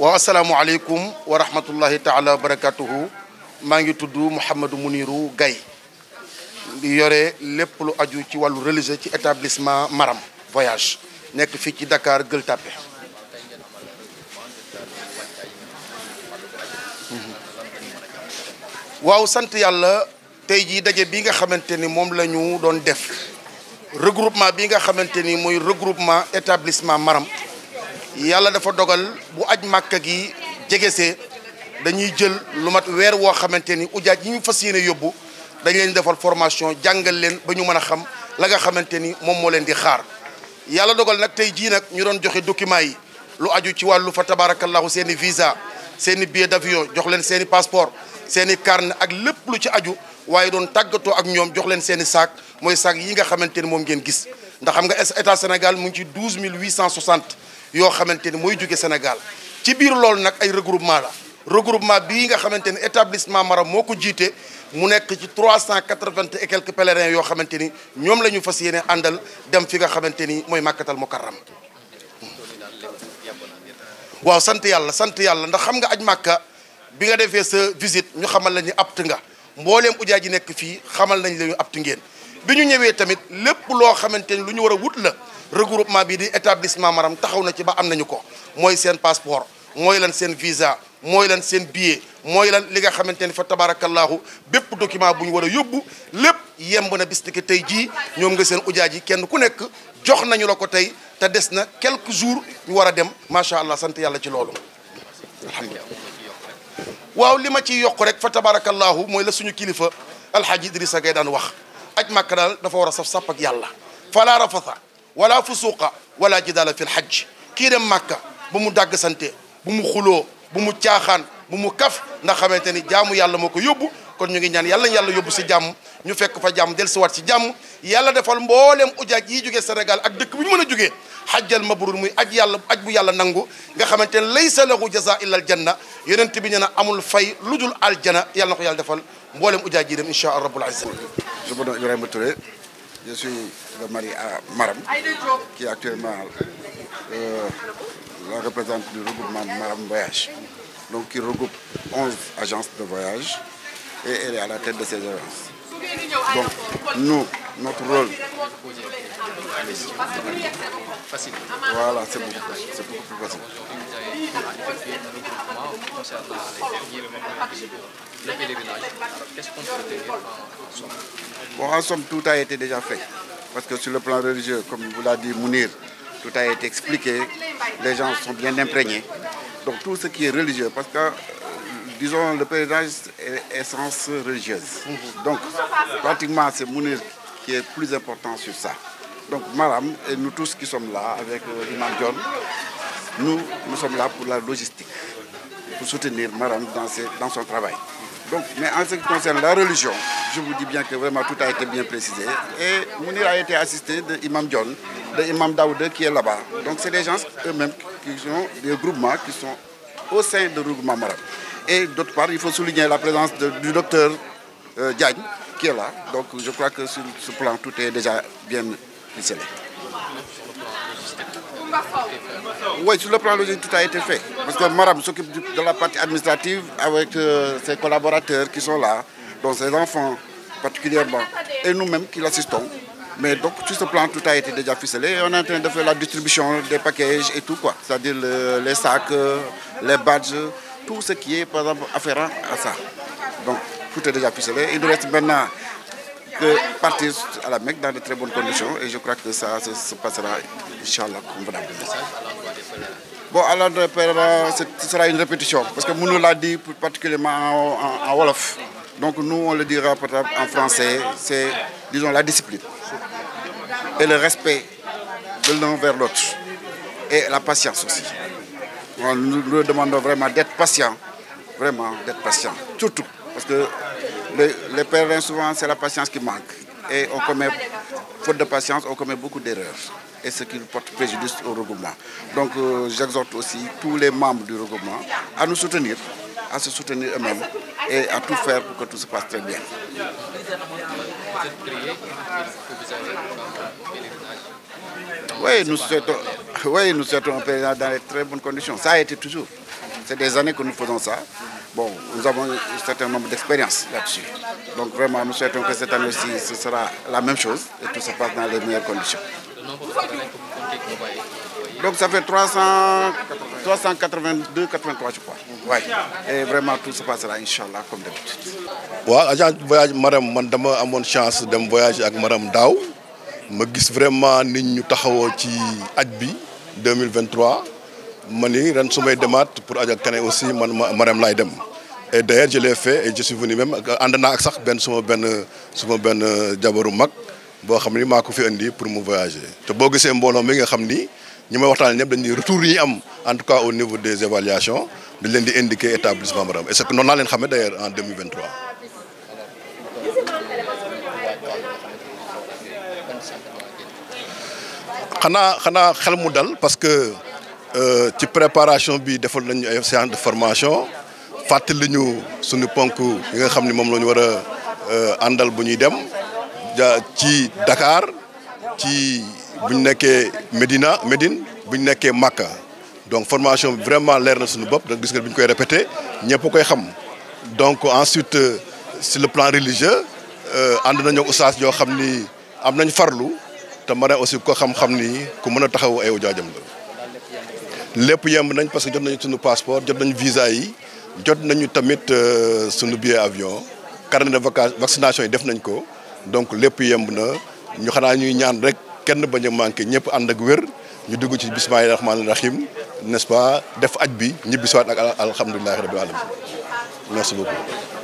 السلام عليكم ورحمة الله تعالى وبركاته ماغي تودو محمد منيرو غاي دي يوري لب لو اديو تي والو ريليزي تي اتابليسمان مرام فواياج نيك في تي دكار گل تابي واو سانت يالا تاي جي داجي بيغا خامتيني موم لا نيو دون ديف regroupement بيغا خامتيني موي regroupement اتابليسمان مرام yàlla dafa dogal bu aj màkka gi jegesee dañuy jël lu mat weer woo xamante ni ujaaj yi ñu fas yéene yóbbu dañ leen defal formation jàngal leen ba ñu mën a xam la nga xamante ni moom moo leen di xaar yàlla dogal nag tey jii nag ñu doon joxe document yi lu aju ci wàllu fa tabarakallahu seen seeni visa seeni i billet d'avion jox leen seeni i passeport seen i carnet ak lépp lu ci aju waaye doon tàggatoo ak ñoom jox leen seen saak mooy saak yi nga xamante ni moom ngeen gis ndax xam nga état Sénégal mu ngi ci 12 860 yoo xamante ni mooy jóge Sénégal ci biir loolu nag ay regroupement la regroupement bii nga xamante ni établissement Maram moo ko jiite mu nekk ci trois cent quatre-vingt et quelques pèlerins yoo xamante ni ñoom la ñu fas yéene àndal dem fi nga xamante ni mooy màkkatal mukarram waaw sant yàlla sant yàlla ndax xam nga aj màkka bi nga defee sa visite ñu xamal la ñu apt nga mbooleem ji nekk fii xamal nañ la ñu apt ngeen bi ñu ñëwee tamit lépp loo xamante ni lu ñu war a wut la regroupement bi di établissement Maram taxaw na ci ba am nañu ko mooy seen passeport mooy lan seen visa mooy lan seen billet mooy lan li nga xamante ni fa tabaarakallaahu bépp document bu ñu war a yóbbu lépp yemb na bis ki tey jii ñoom nga seen ujaaj yi kenn ku nekk jox nañu la ko tey te des na quelque jours ñu war a dem macha allah sant yàlla ci loolu alhamdulilah waaw li ma ciy yokk rek fa tabaarakallaahu mooy la suñu kilifa alxaaji Idrissa ngay daan wax aj màkk daal dafa war a saf sàpp yàlla ولا فسوق ولا جدال في الحج كيرم مكة بمو داغ سانتي بمو خلو بمو تياخان بمو كف نا خامتاني جامو يالا موكو يوبو كون نيغي نيان يالا يالا يوبو سي جامو ني فك فا جامو ديل سوات سي جامو يالا ديفال مبولم اوجاج يي جوغي سنغال اك دك بيمو نيو جوغي حج المبرور موي اج يالا اج بو يالا نانغو غا خامتاني ليس له جزاء الا الجنه يونت بي نانا امول فاي لودول الجنه يالا نكو يالا ديفال مبولم اوجاج ديم ان شاء الله رب العزه Je suis le mari à Maram, qui est actuellement euh, la représentante du regroupement Maram Voyage, donc qui regroupe 11 agences de voyage et elle est à la tête de ces agences. Donc, nous, notre rôle. Voilà, c'est beaucoup, beaucoup plus facile le Qu'est-ce qu'on peut en Bon, en somme, tout a été déjà fait. Parce que sur le plan religieux, comme vous l'a dit Mounir, tout a été expliqué. Les gens sont bien imprégnés. Donc tout ce qui est religieux, parce que, euh, disons, le pèlerinage est essence religieuse. Donc, pratiquement, c'est Mounir qui est plus important sur ça. Donc, madame, et nous tous qui sommes là avec euh, John, nous, nous sommes là pour la logistique pour soutenir Maram dans, dans son travail. Donc, mais en ce qui concerne la religion, je vous dis bien que vraiment tout a été bien précisé. Et Mounir a été assisté de Imam John, de Imam Daoud qui est là-bas. Donc c'est des gens eux-mêmes qui sont des groupements qui sont au sein de groupement Maram. Et d'autre part, il faut souligner la présence du docteur euh, Diagne qui est là. Donc je crois que sur ce plan, tout est déjà bien ficelé. Oui, sur le plan logique, tout a été fait. Parce que Maram s'occupe de la partie administrative avec euh, ses collaborateurs qui sont là, dont ses enfants particulièrement, et nous-mêmes qui l'assistons. Mais donc, sur ce plan, tout a été déjà ficelé. on est en train de faire la distribution des paquets et tout, quoi. C'est-à-dire euh, les sacs, euh, les badges, tout ce qui est, par exemple, afférent à ça. Donc, tout est déjà ficelé. Il nous reste maintenant de partir à la Mecque dans de très bonnes conditions et je crois que ça se, passera, Inch'Allah, convenablement. Bon, alors, euh, ce sera une répétition parce que Mounou l'a dit particulièrement en, Wolof. Donc nous, on le dira en français, c'est, disons, la discipline et le respect de l'un vers l'autre et la patience aussi. Nous, nous demandons vraiment d'être patient, vraiment d'être patient, surtout parce que les, pères, souvent, c'est la patience qui manque. Et on commet, faute de patience, on commet beaucoup d'erreurs. Et ce qui porte préjudice au regroupement. Donc, euh, j'exhorte aussi tous les membres du regroupement à nous soutenir, à se soutenir eux-mêmes et à tout faire pour que tout se passe très bien. Oui, nous souhaitons, un dans les très bonnes conditions. Ça a été toujours. C'est des années que nous faisons ça. Bon, nous avons un certain nombre d'expériences là-dessus. Donc vraiment, nous souhaitons que cette année ci ce sera la même chose et tout se passe dans les meilleures conditions. Donc ça fait 382, 83 je crois. Et vraiment tout se passera Inch'Allah comme d'habitude. Oui, agent voyage Maram man dama mon chance de voyager avec Maram Daou. Je vois vraiment nit ñu ci 2023 Mani, ni ren su may pour Adja Kane aussi man ma dem et d'ailleurs je l'ai fait et je suis venu même en naa ak sax benn suma benn suma benn jabaru mag boo xam ni maa ko fi indi pour mu voyager te boo gisee mbooloo mi nga xam ni ñi may waxtaan ñëpp dañuy retour yi am en tout cas au niveau des évaluations de leen di indiquer établissement ram et c'est que non, laa leen xamee d'ailleurs en 2023. xanaa xanaa xel mu dal parce que. Euh, ci préparation bi defal nañu ay séance de formation fàttali ñu suñu ponku yi nga xamni mom moom wara euh andal a bu ñuy dem ci Dakar ci bu ñu Medina Medine Médine bu ñu Makka donc formation vraiment leer na suñu bop da gis nga buñ koy répéter ñëpp koy xam donc ensuite euh, sur le plan religieux euh and nañu oustaz yoo xamni am nañ farlu te mara aussi ko xam xamni ni ku mën a taxaw ay jaajam la lépp yemb nañ parce que jot nañu sunu passeport jot nañu visa yi jot nañu tamit euh, suñu billet avion carnet de vaccination yi def nañ ko donc lépp yemb na ñu xanaa ñuy ñaan rek kenn bañ a manqué ñëpp ànd ak wér ñu dugg ci bismillahi rahmaani rahim n'est-ce pas def aj bi ñibbi siwaat ak alhamdulilahi rabbil alamin merci beaucoup